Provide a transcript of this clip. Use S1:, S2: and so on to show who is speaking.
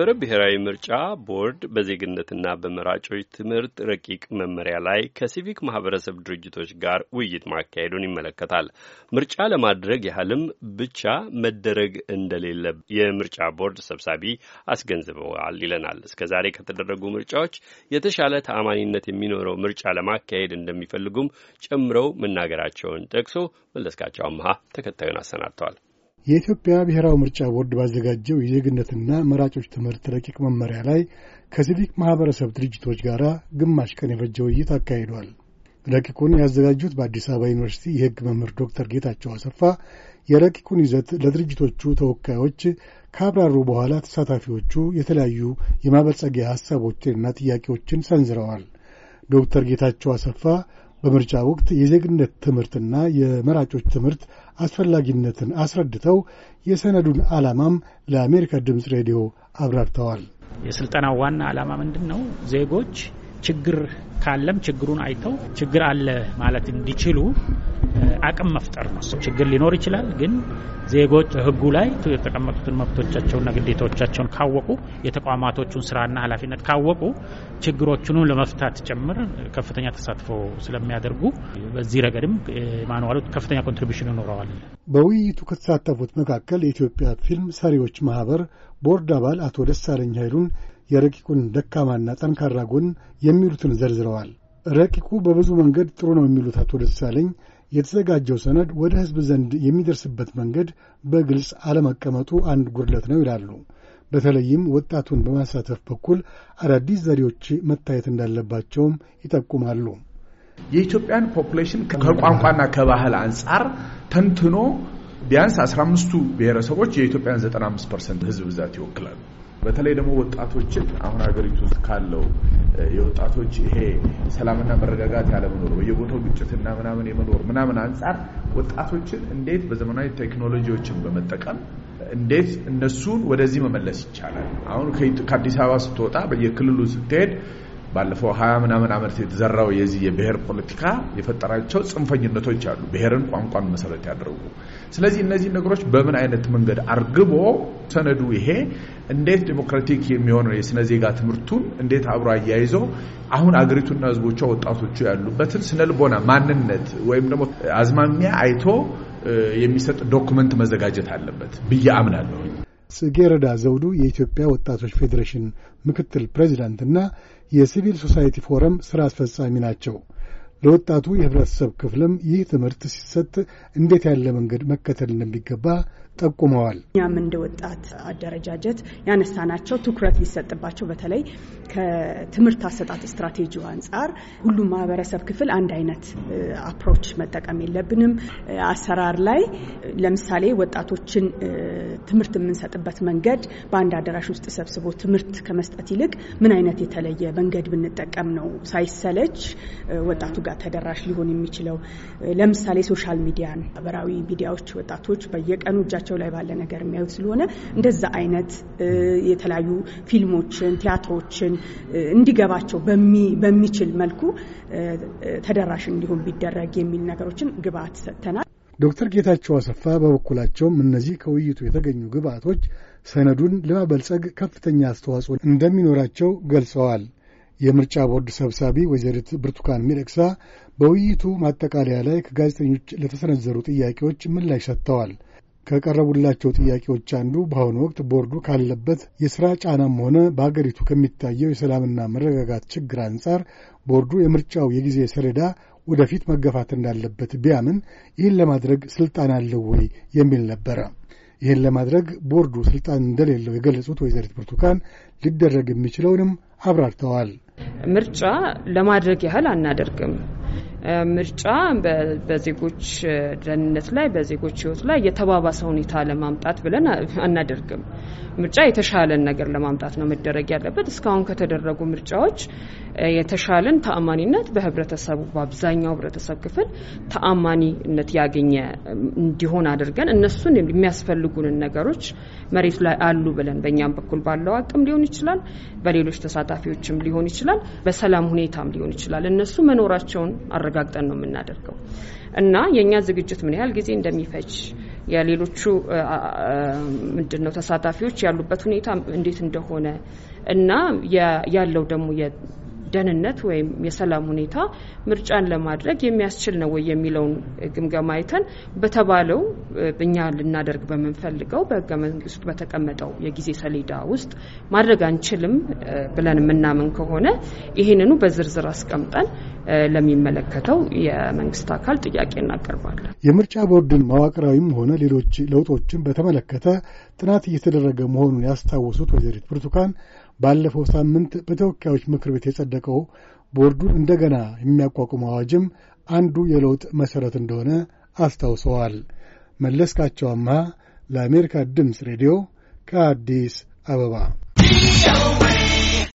S1: የነበረ ብሔራዊ ምርጫ ቦርድ በዜግነትና በመራጮች ትምህርት ረቂቅ መመሪያ ላይ ከሲቪክ ማህበረሰብ ድርጅቶች ጋር ውይይት ማካሄዱን ይመለከታል። ምርጫ ለማድረግ ያህልም ብቻ መደረግ እንደሌለ የምርጫ ቦርድ ሰብሳቢ አስገንዝበዋል ይለናል። እስከ ዛሬ ከተደረጉ ምርጫዎች የተሻለ ተአማኒነት የሚኖረው ምርጫ ለማካሄድ እንደሚፈልጉም ጨምረው መናገራቸውን ጠቅሶ መለስካቸው አመሃ
S2: ተከታዩን አሰናድተዋል።
S3: የኢትዮጵያ ብሔራዊ ምርጫ ቦርድ ባዘጋጀው የዜግነትና መራጮች ትምህርት ረቂቅ መመሪያ ላይ ከሲቪክ ማህበረሰብ ድርጅቶች ጋር ግማሽ ቀን የፈጀ ውይይት አካሂዷል። ረቂቁን ያዘጋጁት በአዲስ አበባ ዩኒቨርሲቲ የሕግ መምህር ዶክተር ጌታቸው አሰፋ የረቂቁን ይዘት ለድርጅቶቹ ተወካዮች ካብራሩ በኋላ ተሳታፊዎቹ የተለያዩ የማበልጸጊያ ሀሳቦችንና ጥያቄዎችን ሰንዝረዋል። ዶክተር ጌታቸው አሰፋ በምርጫ ወቅት የዜግነት ትምህርትና የመራጮች ትምህርት አስፈላጊነትን አስረድተው የሰነዱን ዓላማም ለአሜሪካ ድምፅ ሬዲዮ አብራርተዋል። የስልጠናው ዋና ዓላማ ምንድን ነው? ዜጎች ችግር ካለም ችግሩን አይተው ችግር አለ ማለት እንዲችሉ አቅም መፍጠር ነው። ችግር ሊኖር ይችላል፣ ግን ዜጎች ህጉ ላይ የተቀመጡትን መብቶቻቸውና ግዴታዎቻቸውን ካወቁ፣ የተቋማቶቹን ስራና ኃላፊነት ካወቁ ችግሮቹን ለመፍታት ጭምር ከፍተኛ ተሳትፎ ስለሚያደርጉ በዚህ ረገድም ማኑዋሉ ከፍተኛ ኮንትሪቢሽን ይኖረዋል። በውይይቱ ከተሳተፉት መካከል የኢትዮጵያ ፊልም ሰሪዎች ማህበር ቦርድ አባል አቶ ደሳለኝ ኃይሉን የረቂቁን ደካማና ጠንካራ ጎን የሚሉትን ዘርዝረዋል። ረቂቁ በብዙ መንገድ ጥሩ ነው የሚሉት አቶ ደሳለኝ የተዘጋጀው ሰነድ ወደ ሕዝብ ዘንድ የሚደርስበት መንገድ በግልጽ አለመቀመጡ አንድ ጉድለት ነው ይላሉ። በተለይም ወጣቱን በማሳተፍ በኩል አዳዲስ ዘዴዎች መታየት እንዳለባቸውም ይጠቁማሉ።
S2: የኢትዮጵያን ፖፑሌሽን ከቋንቋና ከባህል አንጻር ተንትኖ ቢያንስ 15ቱ ብሔረሰቦች የኢትዮጵያን 95 ፐርሰንት ህዝብ ብዛት ይወክላሉ። በተለይ ደግሞ ወጣቶችን አሁን ሀገሪቱ ውስጥ ካለው የወጣቶች ይሄ ሰላምና መረጋጋት ያለመኖር በየቦታው ግጭትና ምናምን የመኖር ምናምን አንጻር ወጣቶችን እንዴት በዘመናዊ ቴክኖሎጂዎችን በመጠቀም እንዴት እነሱን ወደዚህ መመለስ ይቻላል? አሁን ከአዲስ አበባ ስትወጣ በየክልሉ ስትሄድ ባለፈው ሀያ ምናምን ዓመት የተዘራው የዚህ የብሔር ፖለቲካ የፈጠራቸው ጽንፈኝነቶች አሉ፣ ብሔርን፣ ቋንቋን መሰረት ያደረጉ። ስለዚህ እነዚህ ነገሮች በምን አይነት መንገድ አርግቦ ሰነዱ ይሄ እንዴት ዲሞክራቲክ የሚሆነው የስነ ዜጋ ትምህርቱን እንዴት አብሮ አያይዞ አሁን አገሪቱና ህዝቦቿ ወጣቶቹ ያሉበትን ስነልቦና ማንነት ወይም ደግሞ አዝማሚያ አይቶ የሚሰጥ ዶኩመንት መዘጋጀት አለበት ብዬ አምናለሁ።
S3: ጽጌረዳ ዘውዱ የኢትዮጵያ ወጣቶች ፌዴሬሽን ምክትል ፕሬዚዳንትና የሲቪል ሶሳይቲ ፎረም ሥራ አስፈጻሚ ናቸው። ለወጣቱ የህብረተሰብ ክፍልም ይህ ትምህርት ሲሰጥ እንዴት ያለ መንገድ መከተል እንደሚገባ ጠቁመዋል። እኛም
S4: እንደ ወጣት አደረጃጀት ያነሳናቸው ትኩረት ሊሰጥባቸው በተለይ ከትምህርት አሰጣጥ ስትራቴጂው አንጻር ሁሉም ማህበረሰብ ክፍል አንድ አይነት አፕሮች መጠቀም የለብንም። አሰራር ላይ ለምሳሌ ወጣቶችን ትምህርት የምንሰጥበት መንገድ በአንድ አዳራሽ ውስጥ ሰብስቦ ትምህርት ከመስጠት ይልቅ ምን አይነት የተለየ መንገድ ብንጠቀም ነው ሳይሰለች ወጣቱ ጋር ተደራሽ ሊሆን የሚችለው? ለምሳሌ ሶሻል ሚዲያን ማህበራዊ ሚዲያዎች ወጣቶች በየቀኑ እጃ እጃቸው ላይ ባለ ነገር የሚያዩት ስለሆነ እንደዛ አይነት የተለያዩ ፊልሞችን፣ ቲያትሮችን እንዲገባቸው በሚችል መልኩ ተደራሽ እንዲሆን ቢደረግ የሚል ነገሮችን ግብአት ሰጥተናል።
S3: ዶክተር ጌታቸው አሰፋ በበኩላቸውም እነዚህ ከውይይቱ የተገኙ ግብአቶች ሰነዱን ለማበልጸግ ከፍተኛ አስተዋጽኦ እንደሚኖራቸው ገልጸዋል። የምርጫ ቦርድ ሰብሳቢ ወይዘሪት ብርቱካን ሚደቅሳ በውይይቱ ማጠቃለያ ላይ ከጋዜጠኞች ለተሰነዘሩ ጥያቄዎች ምላሽ ሰጥተዋል። ከቀረቡላቸው ጥያቄዎች አንዱ በአሁኑ ወቅት ቦርዱ ካለበት የሥራ ጫናም ሆነ በአገሪቱ ከሚታየው የሰላምና መረጋጋት ችግር አንጻር ቦርዱ የምርጫው የጊዜ ሰሌዳ ወደፊት መገፋት እንዳለበት ቢያምን ይህን ለማድረግ ሥልጣን አለው ወይ የሚል ነበረ። ይህን ለማድረግ ቦርዱ ሥልጣን እንደሌለው የገለጹት ወይዘሪት ብርቱካን ሊደረግ የሚችለውንም አብራርተዋል።
S1: ምርጫ ለማድረግ ያህል አናደርግም ምርጫ በዜጎች ደህንነት ላይ በዜጎች ህይወት ላይ የተባባሰ ሁኔታ ለማምጣት ብለን አናደርግም። ምርጫ የተሻለን ነገር ለማምጣት ነው መደረግ ያለበት። እስካሁን ከተደረጉ ምርጫዎች የተሻለን ተአማኒነት በህብረተሰቡ በአብዛኛው ህብረተሰብ ክፍል ተአማኒነት ያገኘ እንዲሆን አድርገን እነሱን የሚያስፈልጉንን ነገሮች መሬት ላይ አሉ ብለን በእኛም በኩል ባለው አቅም ሊሆን ይችላል፣ በሌሎች ተሳታፊዎችም ሊሆን ይችላል፣ በሰላም ሁኔታም ሊሆን ይችላል እነሱ መኖራቸውን አረጋግጠን ነው የምናደርገው እና የእኛ ዝግጅት ምን ያህል ጊዜ እንደሚፈጅ የሌሎቹ ምንድን ነው ተሳታፊዎች ያሉበት ሁኔታ እንዴት እንደሆነ እና ያለው ደግሞ ደህንነት ወይም የሰላም ሁኔታ ምርጫን ለማድረግ የሚያስችል ነው ወይ የሚለውን ግምገማ አይተን በተባለው እኛ ልናደርግ በምንፈልገው በህገ መንግስቱ በተቀመጠው የጊዜ ሰሌዳ ውስጥ ማድረግ አንችልም ብለን የምናምን ከሆነ ይህንኑ በዝርዝር አስቀምጠን ለሚመለከተው የመንግስት አካል ጥያቄ እናቀርባለን።
S3: የምርጫ ቦርድን መዋቅራዊም ሆነ ሌሎች ለውጦችን በተመለከተ ጥናት እየተደረገ መሆኑን ያስታወሱት ወይዘሪት ብርቱካን ባለፈው ሳምንት በተወካዮች ምክር ቤት የጸደቀው ቦርዱ እንደገና የሚያቋቁም አዋጅም አንዱ የለውጥ መሠረት እንደሆነ አስታውሰዋል። መለስካቸው አምሃ ለአሜሪካ ድምፅ ሬዲዮ ከአዲስ አበባ